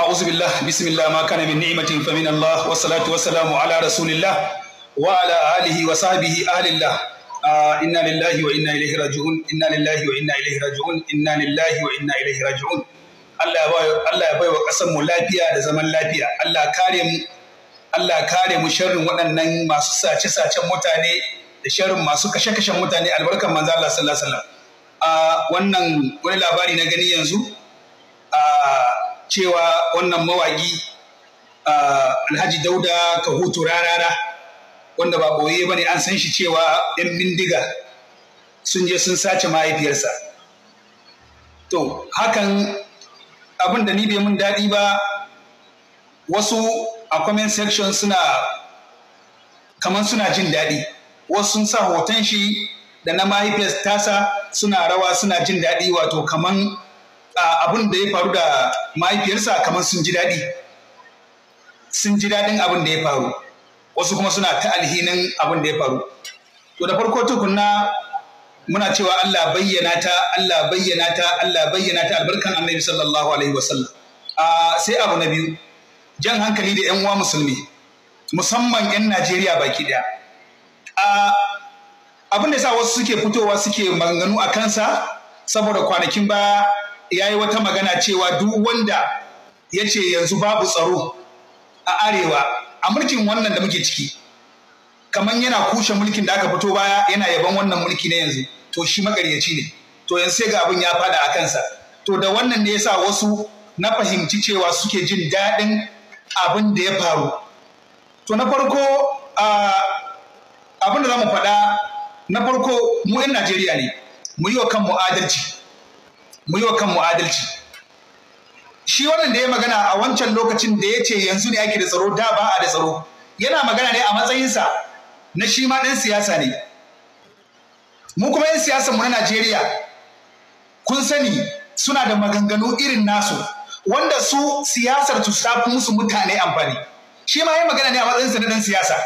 أعوذ بالله بسم الله ما كان من نعمة فمن الله والصلاة والسلام على رسول الله wa آله وصحبه أهل الله آه إنا لله وإنا إليه راجعون إنا لله وإنا إليه راجعون إنا لله وإنا إليه راجعون الله باي الله باي وقسم لافيا da zaman lafiya Allah kare mu Allah kare mu sharrin waɗannan masu sace sacen mutane da sharrin masu kashe kashen mutane albarkan manzo Allah sallallahu alaihi wasallam ah, wannan wani labari na gani yanzu ah, cewa wannan mawaki alhaji dauda ka hutu rarara wanda ba boye ba ne an san shi cewa 'yan bindiga sun je sun sace mahaifiyarsa to hakan abin da ni bai mun daɗi ba wasu a comment section suna kamar suna jin daɗi wasu sun sa hoton shi da na mahaifiyar tasa suna rawa suna jin daɗi wato kaman abin da ya faru da mahaifiyarsa kamar sun ji daɗi sun ji daɗin abin da ya faru wasu kuma suna ta alhinin abin da ya faru to da farko tukunna muna cewa Allah bayyana ta Allah bayyana ta Allah bayyana ta albarkan annabi sallallahu alaihi wasallam sai abu na biyu jan hankali da 'yan uwa musulmi musamman 'yan Najeriya baki ɗaya abin da sa wasu suke fitowa suke maganganu a kansa saboda kwanakin ba ya yi wata magana cewa duk wanda ya ce yanzu babu tsaro a arewa a mulkin wannan da muke ciki kamar yana kushe mulkin da aka fito baya yana yaban wannan mulki na yanzu to shi makaryaci ne to yanzu sai ga abin ya fada a kansa to da wannan ne yasa wasu na fahimci cewa suke jin daɗin abin da ya faru to na farko abin da za mu faɗa na farko mu 'yan najeriya ne mu yi wa kanmu adalci mu yi wa kanmu adalci shi wannan da ya magana a wancan lokacin da ya ce yanzu ne ake da tsaro da ba a da tsaro yana magana ne a matsayinsa na shi ma ɗan siyasa ne mu kuma 'yan siyasar mu na Najeriya kun sani suna da maganganu irin nasu wanda su siyasar su tafi musu mutane amfani shi ma ya magana ne a matsayinsa na ɗan siyasa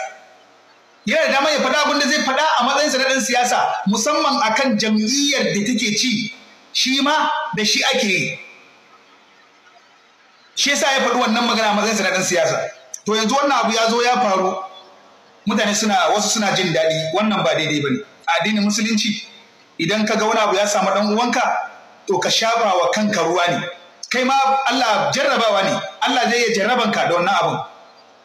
yana da damar ya faɗa abin da zai faɗa a matsayinsa na ɗan siyasa musamman akan jam'iyyar da take ci shi ma da shi ake yi shi yasa ya faɗi wannan magana matsayinsa na ɗan siyasa to yanzu wannan abu ya zo ya faru mutane suna wasu suna jin daɗi wannan ba daidai ba ne a addinin musulunci idan ka ga wani abu ya samu ɗan uwanka to ka shafa wa kanka ruwa ne kai ma Allah jarrabawa ne Allah zai iya jarrabanka da wannan abun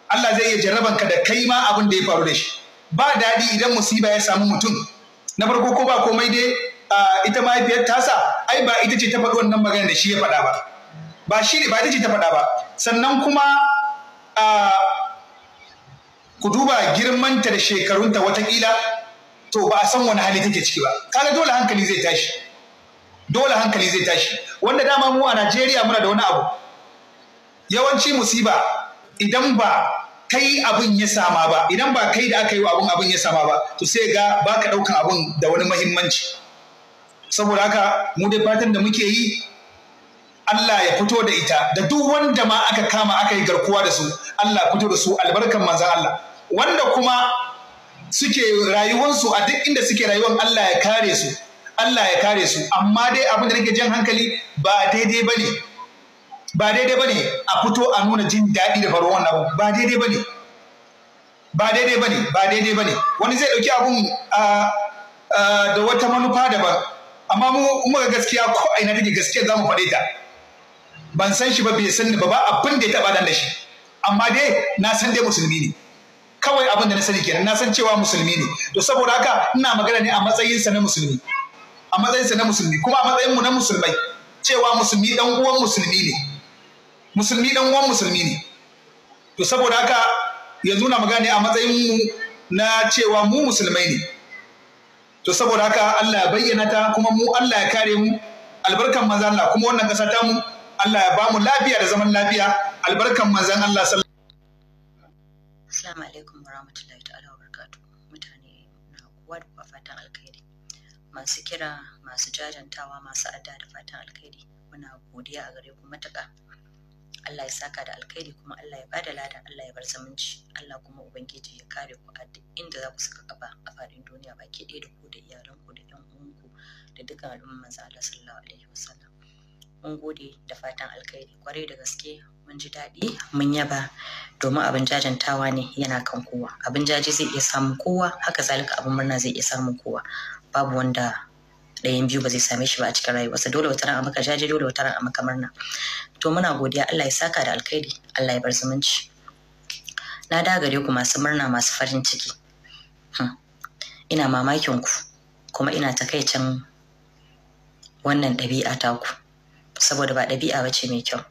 Allah zai iya jarrabanka da kai ma abin da ya faru da shi ba daɗi idan musiba ya samu mutum na farko ko ba komai dai ita mahaifiyar tasa ai ba ita ce ta faɗi wannan magana da shi ya faɗa ba ba shi ba ita ce ta faɗa ba sannan kuma ku duba girmanta da shekarunta watakila to ba a san wani hali take ciki ba kaga dole hankali zai tashi dole hankali zai tashi wanda dama mu a Najeriya muna da wani abu yawanci musiba idan ba kai abin ya sama ba idan ba kai da aka yi wa abin abin ya sama ba to sai ga baka ɗaukan abun da wani mahimmanci saboda haka mu dai fatan da muke yi Allah ya fito da ita da duk wanda ma aka kama aka yi garkuwa da su Allah fito da su albarkan manzan Allah wanda kuma suke rayuwansu a duk inda suke rayuwan Allah ya kare su Allah ya kare su amma dai abin da nake jan hankali ba daidai bane ba daidai bane a fito a nuna jin daɗi da faruwar wannan abu ba daidai bane ba daidai bane ba daidai bane wani zai ɗauki abun ah, ah, da wata manufa daban amma mu ga gaskiya ko a ina take gaskiya za mu faɗe ta ban san shi ba bai san ba ba abin da ya taɓa dan da shi amma dai na san dai musulmi ne kawai abin da na sani kenan na san cewa musulmi ne to saboda haka ina magana ne a matsayinsa na musulmi a matsayinsa na musulmi kuma a matsayin mu na musulmai cewa musulmi dan uwan musulmi ne musulmi dan uwan musulmi ne to saboda haka yanzu na magana ne a matsayin mu na cewa mu musulmai ne to saboda haka Allah ya bayyana ta kuma mu Allah ya kare mu albarkan manzan Allah kuma wannan kasa ta mu Allah ya ba mu lafiya da zaman lafiya albarkan manzan Allah sallallahu Assalamu alaikum warahmatullahi ta'ala wabarakatuh mutane na kowa da fatan alkhairi masu kira masu jajantawa masu adda da fatan alkhairi muna godiya a gare ku matuƙa Allah ya saka da alkhairi kuma Allah ya bada lada. Allah ya bar zumunci Allah kuma ubangiji ya kare ku a duk inda za ku saka kafa a faɗin duniya baki ɗaya da ku da iyalanku da ƴan uwanku da dukkan al'umman manzo Allah sallallahu alaihi wasallam mun gode da fatan alkhairi kwarai da gaske mun ji daɗi mun yaba domin abin jajantawa ne yana kan kowa abin jaji zai iya samun kowa haka zalika abin murna zai iya samun kowa babu wanda ɗayan biyu ba zai same shi ba a cikin rayuwarsa dole wata ran a maka jaje dole wata ran a maka murna to muna godiya Allah ya saka da alkhairi Allah ya bar zumunci na dagare ku masu murna masu farin ciki hmm. ina mamakin ku kuma ina takaicin wannan ɗabi'a ta ku saboda ba ɗabi'a ba ce mai kyau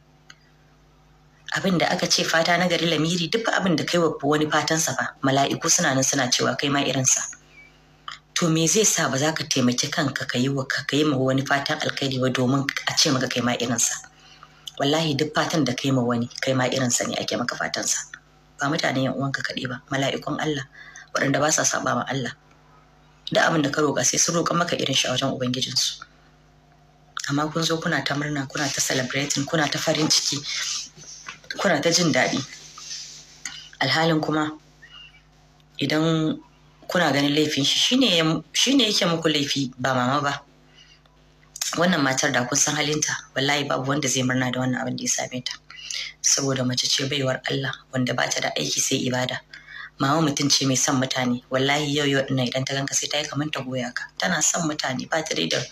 abin da aka ce fata na gari lamiri duk abin da kai wa wani fatansa ba mala'iku suna nan suna cewa kai ma irinsa to me zai sa ba za ka taimaki kanka ka yi wa ka yi ma wani fatan alkhairi ba domin a ce maka kai ma irinsa wallahi duk fatan da kai ma wani kai ma irinsa ne ake maka fatan sa ba mutane yan uwanka kaɗai ba mala'ikun Allah waɗanda ba sa saba ma Allah Duk abin da ka roƙa sai sun roƙa maka irin shi a wajen su amma kun zo kuna ta murna kuna ta celebrating kuna ta farin ciki kuna ta jin daɗi alhalin kuma idan kuna ganin laifin shi shine yake muku laifi ba mama ba wannan matar da kun san halinta wallahi babu wanda zai murna da wannan abin da ya same ta saboda mace ce baiwar Allah wanda ba ta da aiki sai ibada mama mutum ce mai son mutane wallahi yau yau ina idan ta ganka sai ta yi kamar ta goya ka tana son mutane ba ta da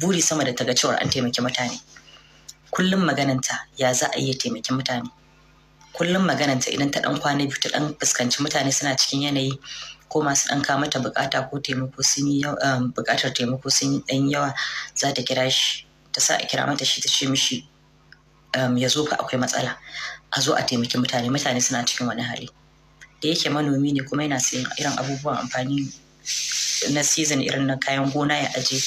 buri sama da ta ga cewar an taimaki mutane kullum magananta ya za a iya taimaki mutane kullum magananta idan ta dan kwana biyu ta dan fuskanci mutane suna cikin yanayi ko masu ɗan mata bukata ko taimako sun yi um, bukatar taimako sun yi ɗan yawa za ta kira shi ta sa a kira mata shi ta ce mishi um, ya zo fa akwai matsala a zo a taimaki mutane mutane suna cikin wani hali da yake manomi ne kuma yana sayan irin abubuwan amfani na season irin na kayan gona ya aje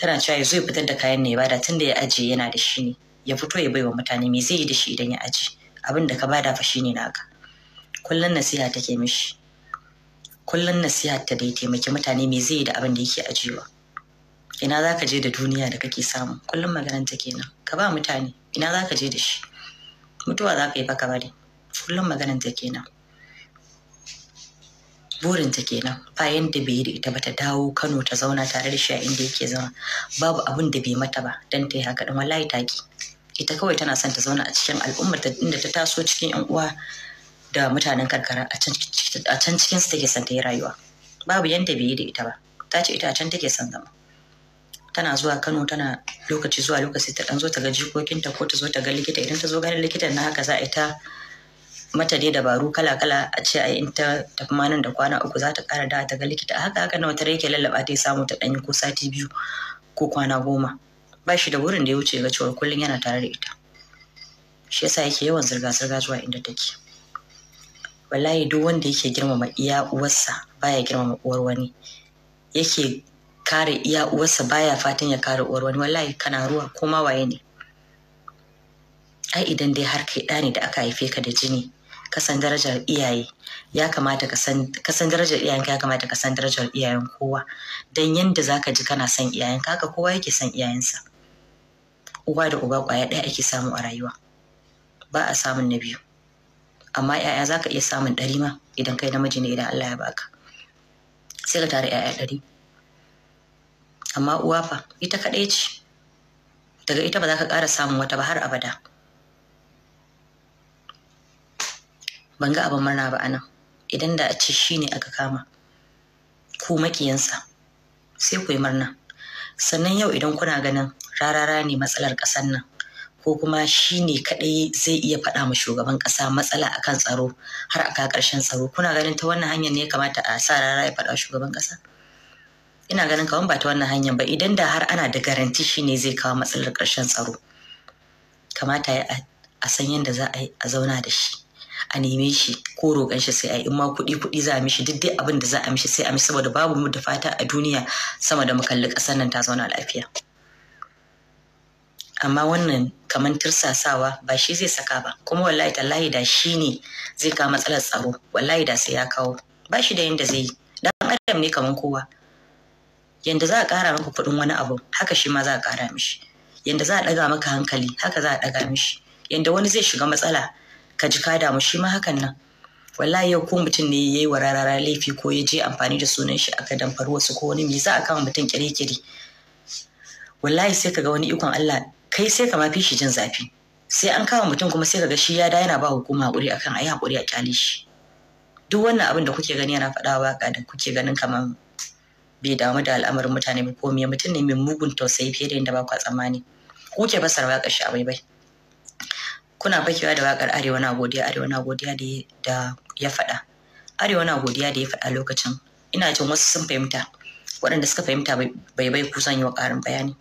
tana cewa ya zo ya fitar da kayan ne ya bada tunda ya aje yana da shi ne ya fito ya baiwa mutane me zai yi da shi idan ya aje abin da ka bada fa shi ne naka kullum nasiha take mishi kullum nasiha ta dai taimaki mutane me zai yi da abin da yake ajiyewa ina za ka je da duniya da kake samu kullum ta kenan ka ba mutane ina za ka je da shi mutuwa za ka yi baka bari kullum ta kenan burinta kenan bayan da bai yi da ita ba ta dawo kano ta zauna tare da shi a inda yake zama babu abin da bai mata ba dan ta yi haka dan wallahi taki ita kawai tana son ta zauna a cikin al'ummar ta inda ta taso cikin yan uwa da mutanen karkara a can cikin su take son ta yi rayuwa babu yanda bai yi da ita ba ta ce ita a can take son zama tana zuwa Kano tana lokaci zuwa lokaci ta dan zo ta ga jikokinta ko ta zo ta ga likita idan ta zo ganin likitan na haka za a ita mata dai dabaru kala-kala a ce a in ta tafi manan da kwana uku za ta kara da ta ga likita haka haka na wata rake lallaba ta samu ta danyi ko sati biyu ko kwana goma ba shi da wurin da ya wuce ga cewa kullum yana tare da ita shi yasa yake yawan zirga-zirga zuwa inda take wallahi duk wanda yake girmama iya uwarsa baya girmama uwar wani yake kare iya uwarsa baya fatan ya kare uwar wani wallahi kana ruwa ko ma waye ne ai idan dai har kai ɗa ne da aka haife ka da jini ka san darajar iyaye ya kamata ka san darajar iyayenka ya kamata ka san darajar iyayen kowa dan yanda zaka ji kana son iyayenka haka kowa yake son iyayensa uwa da uba kwaya ɗaya ake samu a rayuwa ba a samun na biyu amma yaya za ka iya samun ɗari ma idan kai namiji ne idan Allah ya baka sai ka tara yaya ɗari amma uwa fa ita kaɗai ce daga ita ba za ka ƙara samun wata ba har abada ban ga abin murna ba anan idan da a ce shi ne aka kama ku makiyansa? sai ku yi murna sannan yau idan kuna ganin rarara ne matsalar ƙasar nan ko kuma shi ne kaɗai zai iya faɗa ma shugaban ƙasa matsala a kan tsaro har aka ƙarshen tsaro kuna ganin ta wannan hanyar ne ya kamata a sa rara ya faɗa shugaban ƙasa ina ganin kawan ba ta wannan hanyar ba idan da har ana da garanti shi ne zai kawo matsalar ƙarshen tsaro kamata ya a san yadda za a yi a zauna da shi a neme shi ko roƙon shi sai a yi in ma kuɗi kuɗi za a mishi duk dai abin da za a mishi sai a mishi saboda babu mu da fata a duniya sama da mu ƙasar nan ta zauna lafiya amma wannan kamar tirsasawa ba shi zai saka ba kuma wallahi tallahi da shi ne zai kawo matsalar tsaro wallahi da sai ya kawo ba shi da yadda zai yi dan adam ne kamar kowa yanda za a ƙara maka kuɗin wani abu haka shi ma za a ƙara mishi yanda za a ɗaga maka hankali haka za a ɗaga mishi yanda wani zai shiga matsala ka ji ka damu shi ma hakan nan wallahi yau ko mutum ne yayi wa rarara laifi ko ya je amfani da sunan shi aka damfari wasu ko wani me za a kama mutum kirikiri wallahi sai ka ga wani ikon Allah kai sai ka fi shi jin zafi sai an kama mutum kuma sai kaga shi ya da yana ba hukuma hakuri akan ayi hakuri a kyale shi duk wannan abin da kuke gani yana faɗa waka da kuke ganin kamar bai damu da al'amarin mutane ba ko me mutum ne mai mugun tausayi fiye da yadda ba ku tsammani kuke fassara wakar shi a bai kuna bakewa da wakar arewa na godiya arewa na godiya da ya faɗa arewa na godiya da ya faɗa lokacin ina jin wasu sun fahimta waɗanda suka fahimta bai bai kusan yi wa ƙarin bayani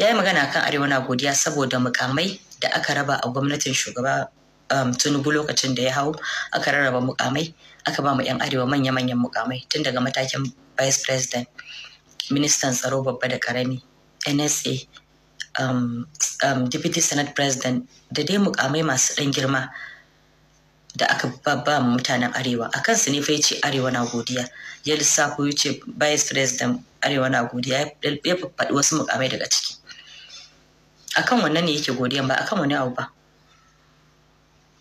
ya yi magana kan arewa na godiya saboda mukamai da aka raba a gwamnatin shugaba um, tinubu lokacin da ya hau aka rarraba mukamai aka ba mu 'yan arewa manya-manyan mukamai tun daga matakin vice president ministan tsaro babba da karami nsa um, um, deputy senate president da dai mukamai masu ɗan girma da aka ba mutanen arewa a kansu ne fa ce arewa na godiya ya lissafo ya ce vice president arewa na godiya ya faɗi wasu mukamai daga ciki akan wannan ne yake godiyan ba akan wani abu ba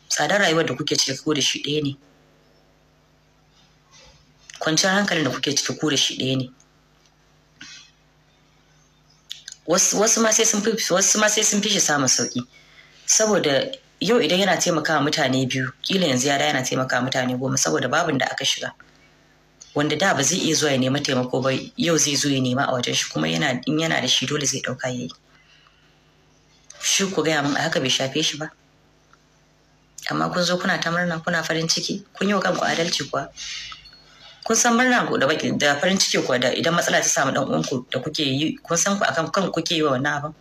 tsadar rayuwar da kuke ciki ko da shi ɗaya ne kwanciyar hankalin da kuke ciki ko da shi ɗaya ne wasu ma sai sun fi wasu ma sai shi samun sauki saboda yau idan yana taimakawa mutane biyu kila yanzu ya yana yana taimakawa mutane goma saboda babin da aka shiga wanda da ba zai iya zuwa ya nema taimako ba yau zai zo ya nema a wajen shi kuma yana in yana da shi dole zai dauka yayi shi ku gaya min haka bai shafe shi ba amma kun zo kuna ta murna kuna farin ciki kun yi wa kanku adalci kuwa kun san murna da baki da farin ciki kuwa da idan matsala ta samu dan uwanku da kuke yi kun san ku akan kan kuke yi wa wannan abin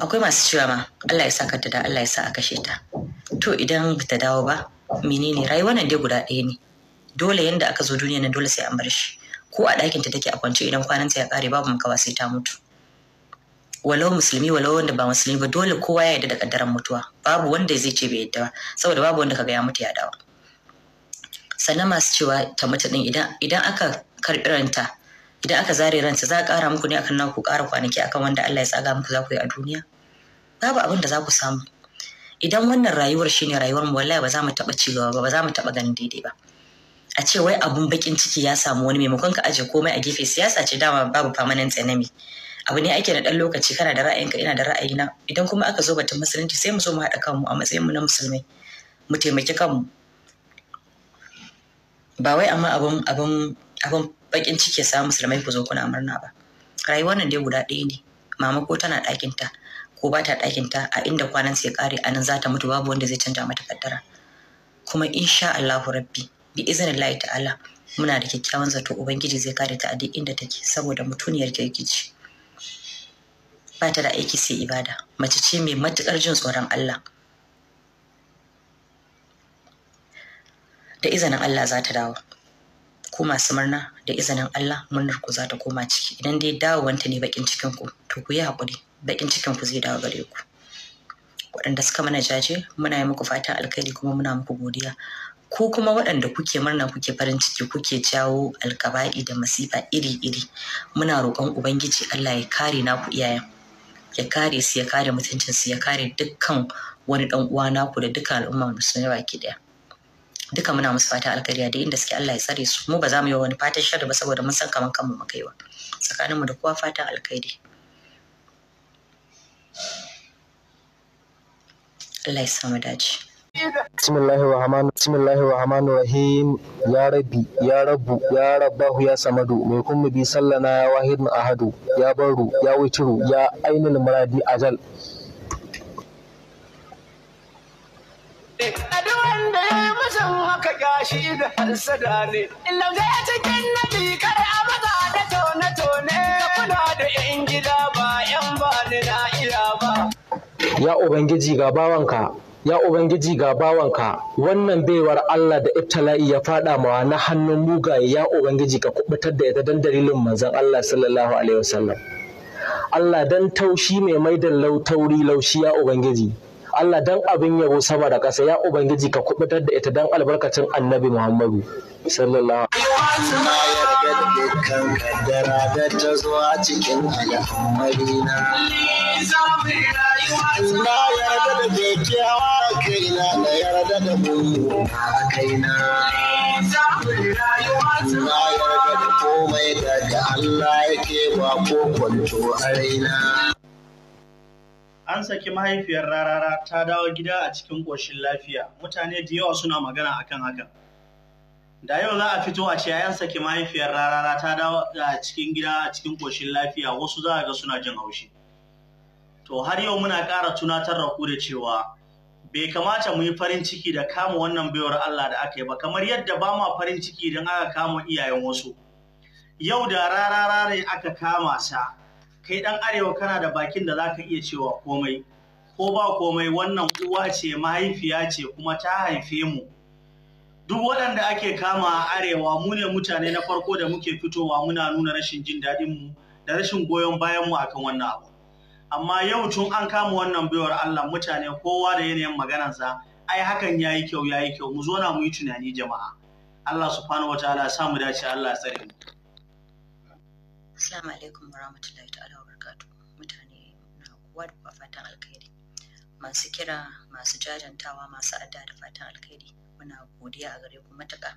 akwai masu cewa ma Allah ya saka ta da Allah ya sa a kashe ta to idan ta dawo ba menene rayuwar nan dai guda ɗaya ne dole yanda aka zo duniya nan dole sai an bar shi ko a ɗakinta take a kwance idan kwananta ya ƙare babu makawa sai ta mutu walau musulmi walau wanda ba musulmi ba dole kowa ya yi da kaddaran mutuwa babu wanda zai ce bai yadda ba saboda babu wanda kaga ya mutu ya dawo sannan masu cewa ta mutu din idan aka karbi ranta idan aka zare ranta za a kara muku ne akan naku kara kwanaki akan wanda Allah ya tsaga muku za ku yi a duniya babu abin da za ku samu idan wannan rayuwar shine rayuwar mu wallahi ba za mu taba ci gaba ba ba za mu taba ganin daidai ba a ce wai abun bakin ciki ya samu wani maimakon ka aje komai a gefe siyasa ce dama babu famanin tsanami abu ne ake na dan lokaci kana da ra'ayinka ina da ra'ayina idan kuma aka zo batun musulunci sai mu zo mu haɗa kanmu a matsayinmu na musulmai mu taimaki kanmu ba wai amma abin abin abin bakin ciki sa musulmai ku zo kuna murna ba rayuwar nan dai guda ɗaya ne mama ko tana ɗakinta ko ba ta ɗakinta a inda kwanan sai kare a nan za ta mutu babu wanda zai canja mata kaddara kuma insha Allahu rabbi bi iznillahi ta'ala muna da kyakkyawan zato ubangiji zai kare ta a duk inda take saboda mutuniyar kirkici ba ta da aiki sai ibada mace ce mai matukar jin tsoron Allah da izinin Allah za ta dawo ku masu murna da izinin Allah murnar ku za ta koma ciki idan dai dawowanta ne bakin cikin ku to ku yi hakuri bakin cikin ku zai dawo gare ku waɗanda suka mana jaje muna yi muku fatan alkhairi kuma muna muku godiya ko kuma waɗanda kuke murna kuke farin ciki kuke jawo alkaba'i da masifa iri-iri muna roƙon ubangiji allah ya kare naku iyayen ya kare su ya kare mutuncin su ya kare dukkan wani dan uwa naku da dukkan al'umma musulmi baki daya duka muna musu fata alkariya da inda suke Allah ya tsare su mu ba za mu yi wani fatan sharri ba saboda mun san kaman kanmu mu kaiwa mu da kowa fatan alkhairi Allah ya samu dace bismillahir rahman bismillahir rahmanir rahim ya rabbi ya rabbu ya rabbahu ya samadu mai kuma bi sallana ya wahidun ahadu ya baru ya witiru ya ainul muradi ajal Adu wanda ya yi haka gashi da hansada ne. Ilau zai cikin nabi kar a maza da da 'yan gida ba 'yan bani na ba. Ya Ubangiji ga bawanka ya Ubangiji ga bawanka wannan baiwar Allah da ibtala'i ya fada mawa na hannun mugaye ya Ubangiji ka kubutar da ita don dalilin manzon Allah sallallahu alaihi wasallam Allah dan taushi mai maidan lautauri laushi ya Ubangiji Allah dan abin yabo sama da ƙasa ya Ubangiji ka kubutar da ita dan albarkacin annabi Muhammadu sallallahu alaihi wasallam da dukkan kaddara da ta zo a cikin al'ammarina. Na yarda da kyakkyawa a kaina, na yarda da mummuna a kaina. Na yarda da komai daga Allah yake ba ko kwanto a raina. An saki mahaifiyar rarara ta dawo gida a cikin ƙoshin lafiya, mutane da yawa suna magana akan hakan. da yau za a fito a ce yayan saki mahaifiyar rarara ta dawo a cikin gida a cikin koshin lafiya wasu za a ga suna jin haushi to har yau muna ƙara tunatar da ku da cewa bai kamata mu yi farin ciki da kama wannan baiwar Allah da aka yi ba kamar yadda ba ma farin ciki idan aka kama iyayen wasu yau da rarara ne aka kama sa kai dan arewa kana da bakin da zaka iya cewa komai ko ba komai wannan uwa ce mahaifiya ce kuma ta haife mu duk waɗanda ake kama a arewa mu ne mutane na farko da muke fitowa muna nuna rashin jin daɗinmu da rashin goyon bayanmu akan wannan abu amma yau tun an kama wannan baiwar Allah mutane kowa da yanayin maganarsa ai hakan ya yi kyau ya yi kyau mu zo na mu yi tunani jama'a Allah subhanahu wataala sa samu dace Allah tsare mu Assalamu alaikum warahmatullahi ta'ala mutane na kowa da fatan alkhairi masu kira masu jajantawa masu adda da fatan alkhairi muna godiya a gare ku matuƙa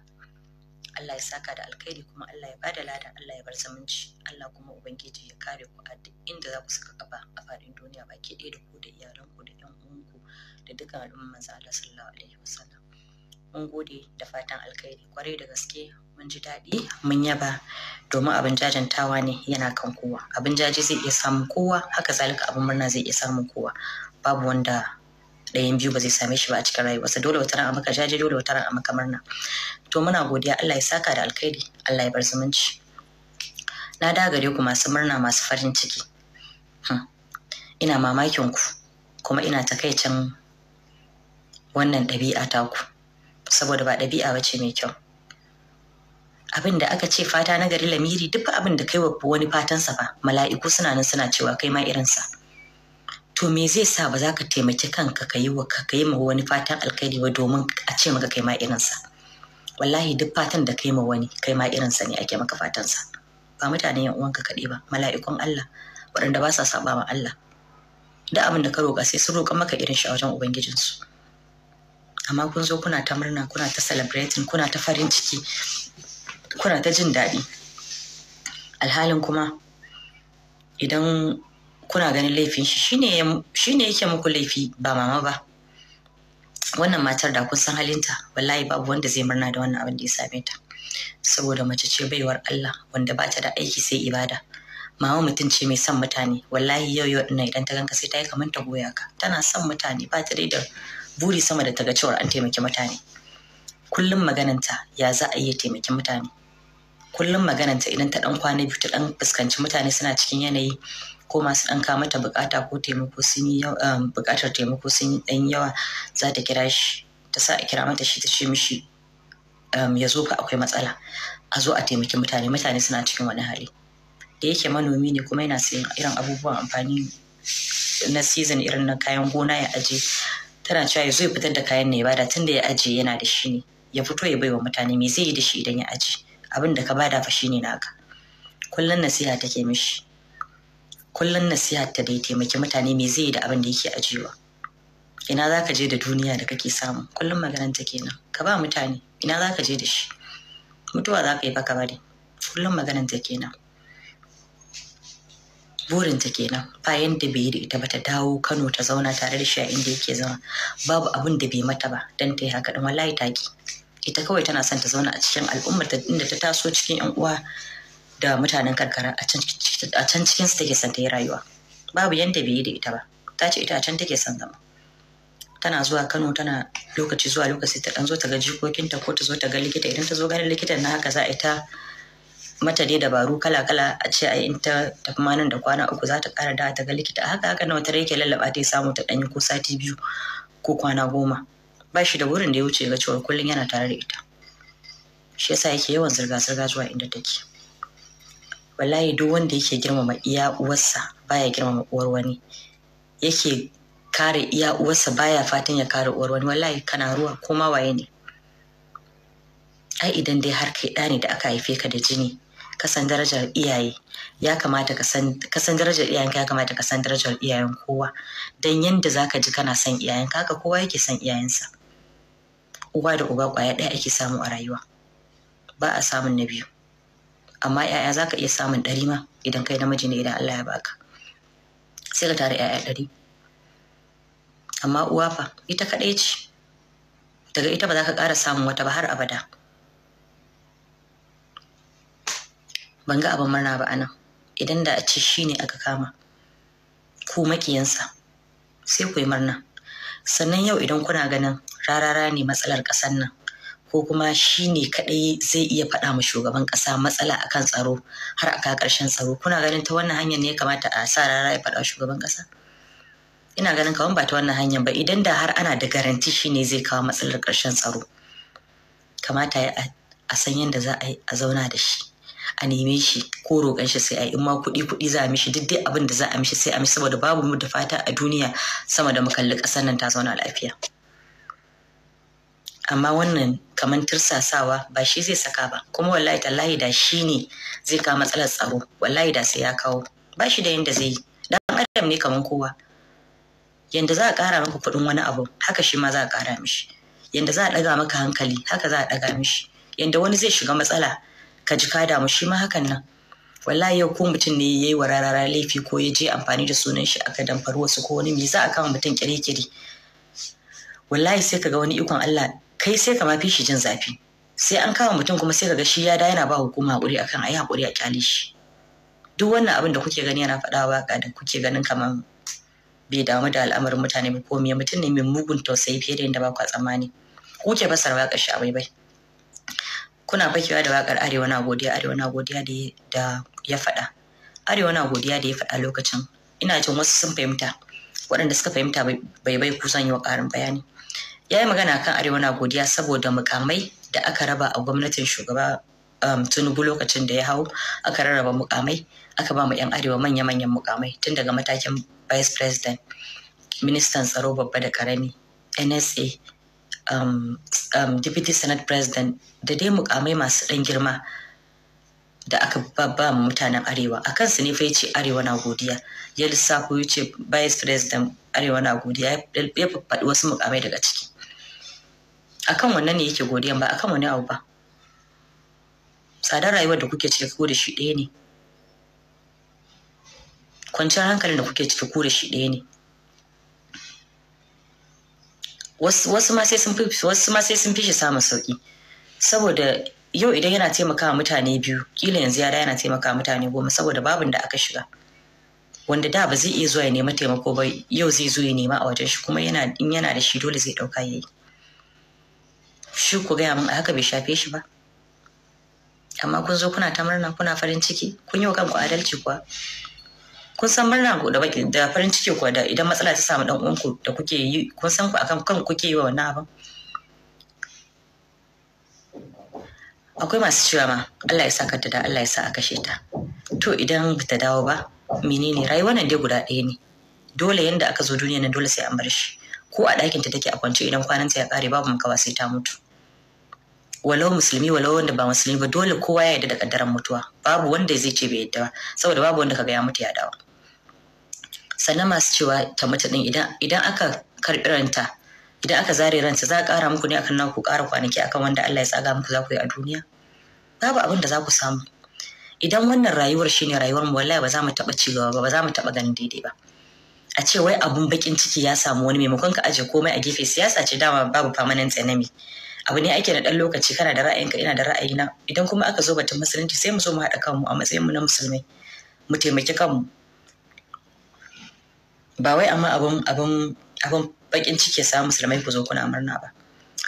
Allah ya saka da alkhairi kuma Allah ya bada ladan Allah ya bar zumunci Allah kuma ubangiji ya kare ku a duk inda za ku saka kafa a faɗin duniya baki ɗaya da ku da iyalanku da ƴan uwanku da dukkan al'umma manzo Allah sallallahu alaihi wasallam mun gode da fatan alkhairi kwarai da gaske mun ji daɗi mun yaba domin abin jajantawa ne yana kan kowa abin jaji zai iya samun kowa haka zalika abin murna zai iya samun kowa babu wanda ɗayan biyu ba zai same shi ba a cikin rayuwarsa dole wata ran a maka jaje dole wata ran a maka murna to muna godiya Allah ya saka da alkhairi Allah ya bar zumunci na da gare ku masu murna masu farin ciki hmm. ina mamakin ku kuma ina takaicin wannan ɗabi'a ku saboda ba ɗabi'a ba ce mai kyau abin da aka ce fata na gari lamiri duk abin da kai wa wani fatansa ba mala'iku suna nan suna cewa kai ma irinsa to me zai sa ba za ka taimaki kanka ka yi wa ma wani fatan alkhairi ba domin a ce maka kai ma irinsa wallahi duk fatan da kai ma wani kai ma irinsa ne ake maka fatan sa. ba mutane yan uwanka kaɗai ba mala'ikun Allah waɗanda ba sa saba ma Allah duk abin da ka roƙa sai sun roƙa maka irin shi a wajen ubangijinsu amma kun zo kuna ta murna kuna ta celebrating kuna ta farin ciki kuna ta jin daɗi alhalin kuma idan kuna ganin laifin shi shine yake muku laifi ba mama ba wannan matar da kun san halinta wallahi babu wanda zai murna da wannan abin da ya same ta saboda mace ce baiwar Allah wanda ba ta da aiki sai ibada mama mutum ce mai son mutane wallahi yau yau ina idan ta ganka sai ta yi kamar ta goya ka tana son mutane ba ta dai da buri sama da ta ga cewar an taimaki mutane kullum magananta ya za a iya taimaki mutane kullum magananta idan ta dan kwana biyu ta dan fuskanci mutane suna cikin yanayi ko masu ɗan mata bukata ko taimako sun yi um, bukatar taimako sun yi ɗan yawa za ta kira shi ta sa a kira mata shi ta ce mishi um, ya zo ka akwai matsala a zo a taimaki mutane mutane suna cikin wani hali da yake manomi ne kuma yana sayan irin abubuwan amfani na season irin na kayan gona ya aje tana cewa ya zo ya fitar da kayan na ya bada tunda ya aje yana da shi ne ya fito ya baiwa mutane me zai yi da shi idan ya aje abin da ka bada fa shine naka kullum nasiha take mishi kullum nasiha ta ya taimaki mutane mai zai yi da abin da yake ajiyewa ina za ka je da duniya da kake samu kullum maganar ta kenan ka ba mutane ina za ka je da shi mutuwa za ka yi baka bari kullum maganar ta kenan burin ta kenan bayan da bai yi da ita ba ta dawo Kano ta zauna tare da shi a inda yake zama babu abin da bai mata ba dan ta yi haka dan wallahi ta ki ita kawai tana son ta zauna a cikin al'ummar ta inda ta taso cikin yan uwa da mutanen karkara a can cikin su take son ta yi rayuwa babu yanda bai yi da ita ba ta ce ita a can take son zama tana zuwa Kano tana lokaci zuwa lokaci ta dan zo ta ga jikokinta ko ta zo ta ga likita idan ta zo ganin likitan na haka za a ta mata dai dabaru kala kala a ce a in ta tafi ma da kwana uku za ta ƙara da ta ga likita a haka haka wata ta ke lallaba ta samu ta ɗanyi ko sati biyu ko kwana goma ba shi da wurin da ya wuce ga cewa kullum yana tare da ita shi yasa yake yawan zirga-zirga zuwa inda take wallahi duk wanda yake girmama iya uwarsa baya girmama uwar wani yake kare iya uwarsa baya fatan ya kare uwar wani wallahi kana ruwa ko ma waye ne ai idan dai har kai ɗa ne da aka haife ka da jini ka san darajar iyaye ya kamata ka san darajar iyayen ya kamata ka san darajar iyayen kowa dan yanda zaka ji kana son iyayen ka haka kowa yake son iyayensa uwa da uba kwaya ɗaya ake samu a rayuwa ba a samun na biyu amma 'ya'ya za ka iya samun ɗari ma idan kai namiji ne idan Allah ya baka sai ka tara 'ya'ya ɗari amma uwa fa ita kaɗai ce daga ita ba za ka ƙara samun wata ba har abada ban ga abin murna ba anan idan da a ce shi ne aka kama ku makiyansa sai ku yi murna sannan yau idan kuna ganin rarara ne matsalar ƙasar nan ko kuma shi ne kaɗai zai iya faɗa ma shugaban ƙasa matsala a kan tsaro har aka ƙarshen tsaro kuna ganin ta wannan hanyar ne ya kamata a sa rara ya faɗa shugaban ƙasa ina ganin kawan ba ta wannan hanyar ba idan da har ana da garanti shi ne zai kawo matsalar ƙarshen tsaro kamata ya a san yadda za a yi a zauna da shi a neme shi ko roƙon shi sai a yi in ma kuɗi kuɗi za a mishi duk dai abin da za a mishi sai a mishi saboda babu mu da fata a duniya sama da mu kalli ƙasar nan ta zauna lafiya. amma wannan kamar tirsasawa ba shi zai saka ba kuma wallahi tallahi da shi ne zai kawo matsalar tsaro wallahi da sai ya kawo ba shi da yanda zai yi dan adam ne kamar kowa yanda za a ƙara maka kuɗin wani abu haka shi ma za a ƙara mishi yanda za a ɗaga maka hankali haka za a ɗaga mishi yanda wani zai shiga matsala ka ji ka damu shi ma hakan nan wallahi yau ko mutum ne ya yi wa rarara laifi ko ya je amfani da sunan shi aka damfari wasu ko wani me za a kama mutum kirikiri kire wallahi sai ka ga wani ikon Allah kai sai ka fi shi jin zafi sai an kama mutum kuma sai ka ga shi ya da yana ba hukuma hakuri akan ayi hakuri a kyale shi duk wannan abin da kuke gani yana faɗa waka da kuke ganin kamar bai damu da al'amarin mutane ba ko me mutum ne mai mugun tausayi fiye da yadda ba a tsammani kuke basar waƙar shi a bai kuna fakewa da waƙar arewa na godiya arewa na godiya da ya faɗa arewa na godiya da ya faɗa lokacin ina jin wasu sun fahimta waɗanda suka fahimta bai bai kusan yi wa ƙarin bayani ya yi magana kan arewa na godiya saboda mukamai da aka raba a gwamnatin shugaba um, tinubu lokacin da ya hau aka rarraba mukamai aka ba mu 'yan arewa manya-manyan mukamai tun daga matakin vice president ministan tsaro babba da karami nsa um, um, deputy senate president da dai mukamai masu ɗan girma da aka ba mutanen arewa a kansu ne fa ce arewa na godiya ya lissafo ya ce vice president arewa na godiya ya faɗi wasu mukamai daga ciki akan wannan ne yake godiyan ba akan wani abu ba tsadar rayuwar da kuke ciki ko da shi ɗaya ne kwanciyar hankalin da kuke ciki ko da shi ɗaya ne wasu ma sai sun fi wasu ma sai sun fi shi samun sauki saboda yau idan yana taimaka mutane biyu kila yanzu ya da yana taimaka mutane goma saboda babin da aka shiga wanda da ba zai iya zuwa ya nema taimako ba yau zai zo ya nema a wajen shi kuma yana in yana da shi dole zai ɗauka yayi shi ku gaya min a haka bai shafe shi ba amma kun zo kuna ta murna kuna farin ciki kun yi wa kanku adalci kuwa kun san murna da baki da farin ciki kuwa da idan matsala ta samu dan uwanku da kuke yi kun san ku akan kanku kuke yi wa wannan abin akwai masu cewa ma Allah ya sa ka da Allah ya sa a kashe ta to idan ta dawo ba menene rayuwar nan dai guda ɗaya ne dole yanda aka zo duniya nan dole sai an bar shi ko a ɗakin ta take a kwance idan kwananta ya ƙare babu makawa sai ta mutu walau musulmi walau wanda ba musulmi ba dole kowa ya yarda da kaddaran mutuwa babu wanda zai ce bai yadda ba saboda babu wanda kaga ya mutu ya dawo sannan masu cewa ta mutu din idan idan aka karbi ranta idan aka zare ranta za a kara muku ne akan naku kara kwanaki akan wanda Allah ya tsaga muku za ku yi a duniya babu abin da za ku samu idan wannan rayuwar shine rayuwar mu wallahi ba za mu taba ci gaba ba ba za mu taba ganin daidai ba a ce wai abun bakin ciki ya samu wani maimakon ka aje komai a gefe siyasa ce dama babu permanent enemy abu ne ake na dan lokaci kana da ra'ayinka ina da ra'ayina idan kuma aka zo batun musulunci sai mu zo mu haɗa kanmu a matsayin mu na musulmai mu taimaki kanmu ba wai amma abin abin abin bakin ciki ya musulmai ku zo kuna murna ba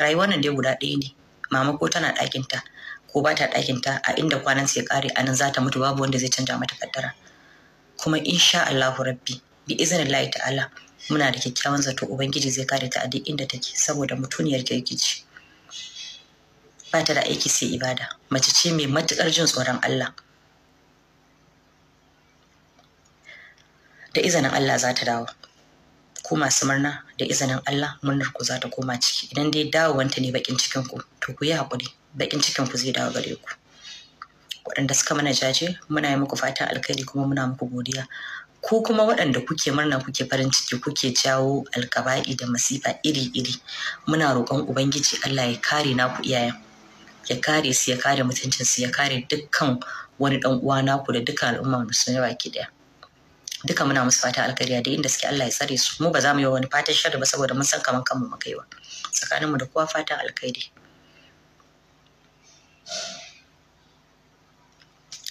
rayuwa nan dai guda ɗaya ne mama ko tana ɗakinta ko ba ta ɗakinta a inda kwanan sai kare a nan za ta mutu babu wanda zai canja mata kaddara kuma insha Allahu rabbi bi iznillahi ta'ala muna da kyakkyawan zato ubangiji zai kare ta a duk inda take saboda mutuniyar kirkici ba ta da aiki sai ibada mace ce mai matukar jin tsoron Allah da izinin Allah za ta dawo ku masu murna da izinin Allah murnar ku za ta koma ciki idan dai wanta ne bakin cikin ku to ku yi hakuri bakin cikin ku zai dawo gare ku waɗanda suka mana jaje muna yi muku fatan alkhairi kuma muna muku godiya ko kuma waɗanda kuke murna kuke farin ciki kuke jawo alkaba'i da masifa iri-iri muna roƙon ubangiji Allah ya kare naku iyayen ya kare su ya kare mutuncin su ya kare dukkan wani dan uwa naku da dukkan al'umma musulmi baki daya duka muna musu fata alkhairi da inda suke Allah ya tsare su mu ba za mu yi wani fatan sharri ba saboda mun san kaman kanmu muka yi wa tsakaninmu da kowa fatan alkhairi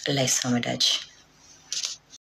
Allah ya samu dace